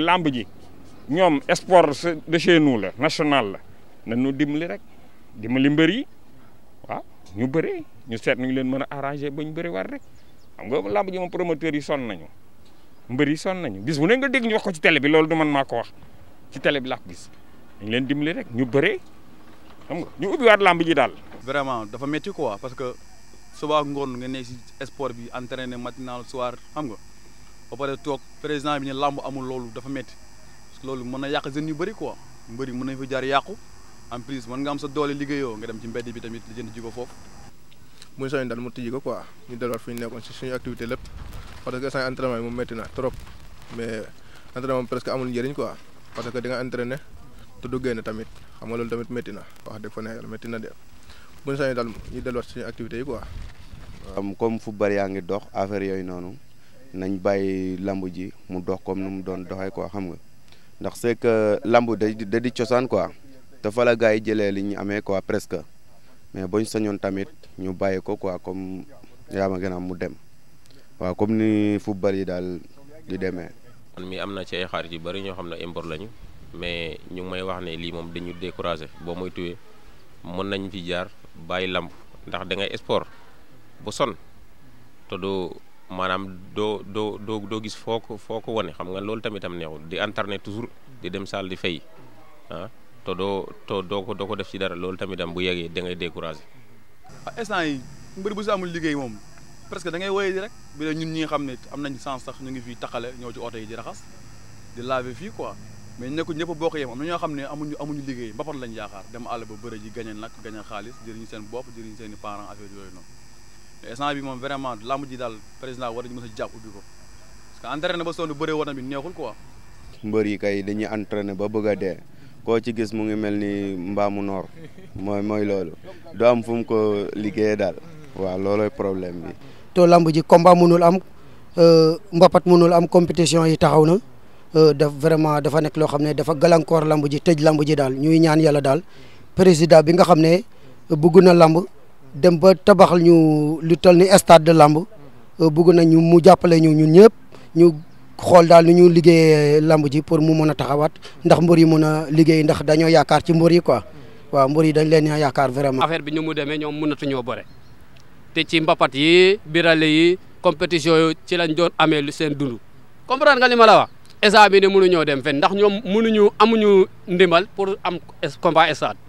làmb ji ñoom sport de chez la national la nañu dimbali rek dimbali mbër yi waaw ñu bëri ñu seet ñu leen mën a arrangé ba ñu bëri war rek xam nga làmb ji moom promoteur yi sonn nañu mbër yi sonn nañu bis bu ne nga dégg ñu wax ko ci tele bi loolu du man maa ko wax ci tele bi laa ko gis dañ leen dimbali rek ñu bëree xam nga ñu ubbiwaat làmb ji daal. vraiment dafa métti quoi parce que suba ngoon nga ne si sport bi entraîné matinal soir xam nga. ba pare toog président bi ne làmb amul loolu dafa métti parce que loolu mën na yàq jeunes yu bëri quoi mbëri mën nañ fa jaar yàqu en plus mën nga am sa doole liggéeyoo nga dem ci mbedd bi tamit li jënd ji ko foofu muy soññ daal mu tijji ko quoi ñu delluwaat fu ñu nekkoon si suñu activité lépp parce que san entraînement moom métti na trop mais entraînement presque amul njëriñ quoi parce que di nga entraîné te du génn tamit xam nga loolu tamit métti na wax dëgg fa métti na de bu ñu soññ daal ñu delluwaat suñu activité yi ko comme fu bari yaa ngi dox affaire yooyu noonu nañ bàyyi lamb ji mu dox kom nu mu doon doxee quoi xam nga ndax c'est que lamb da di cosaan quoi te fa la gars yi jëlee li ñu amee quoi presque mais bañ sañoon tamit ñu bàyyi ko quoi comme yaa ma gën a am mu dem waaw comme ni fu yi daal di demee. man mi am na ci ay xarit yu bëri ñoo xam ne import lañu mais ñu ngi may wax ne lii moom dañu découragé boo moy tuyee mën nañ fi jaar bàyyi lamb ndax da ngay sport bu son te maanaam doo doo doo doo gis foo ko foo ko wone xam nga loolu tamit am neexul di internet toujours di dem salle di fay ah te doo te doo ko doo ko def ci dara loolu tamit am bu yegee da ngay découragé. ah instant yi mbir bu si amul liggéey moom presque da woyee di rek bi la ñun ñi xam ne am nañ sens sax ñu ngi fi taxale ñoo ci oto yi di raxas di laver fii quoi mais nekkul ñëpp bokk yem am na ñoo xam ne amuñu amuñu liggéey mbapat lañ yaakaar dem àll ba bëre ji gañe nag gañe xaalis jëriñ seen bopp jëriñ seen yooyu noonu. instant bi moom vraiment lamb ji daal président war nañu mën a jàpp ubbi ko parce que entraîné ba sonn bëree war na bi neexul quoi. mbër yi kay dañuy entraîné ba bëgg a dee koo ci gis mu ngi mel ni mbaamu noor mooy mooy loolu doom am fu mu ko liggéeye daal waaw loolooy problème bi. to làmb ji combat mënul am euh, mbapat mënul am compétition yi taxaw na euh, daf vraiment dafa nekk loo xam ne dafa gàllankoor làmb ji tëj làmb ji daal ñuy ñaan yàlla daal président bi nga xam ne bëgg na lamb dem ba tabaxal ñu lu toll ni stade de lamb euh, bugg nañ ñu mu jàppale ñu ñun ñëpp ñu xool daal nu ñu liggéeyee lamb ji pour mu mën a taxawaat ndax mbër yi mën a liggéey ndax dañoo yaakaar ci mbër yi quoi waaw mbër yi dañ leen a yaakaar vraiment. affaire bi ñu mu demee ñoom mënatuñoo bëre te ci mbappat yi birale yi compétition yi ci lañ doon amee lu seen dund comprendre nga li ma la wax. esa bi ne mënuñoo dem fenn ndax ñoom mënuñu amuñu ndimal pour am combat stade.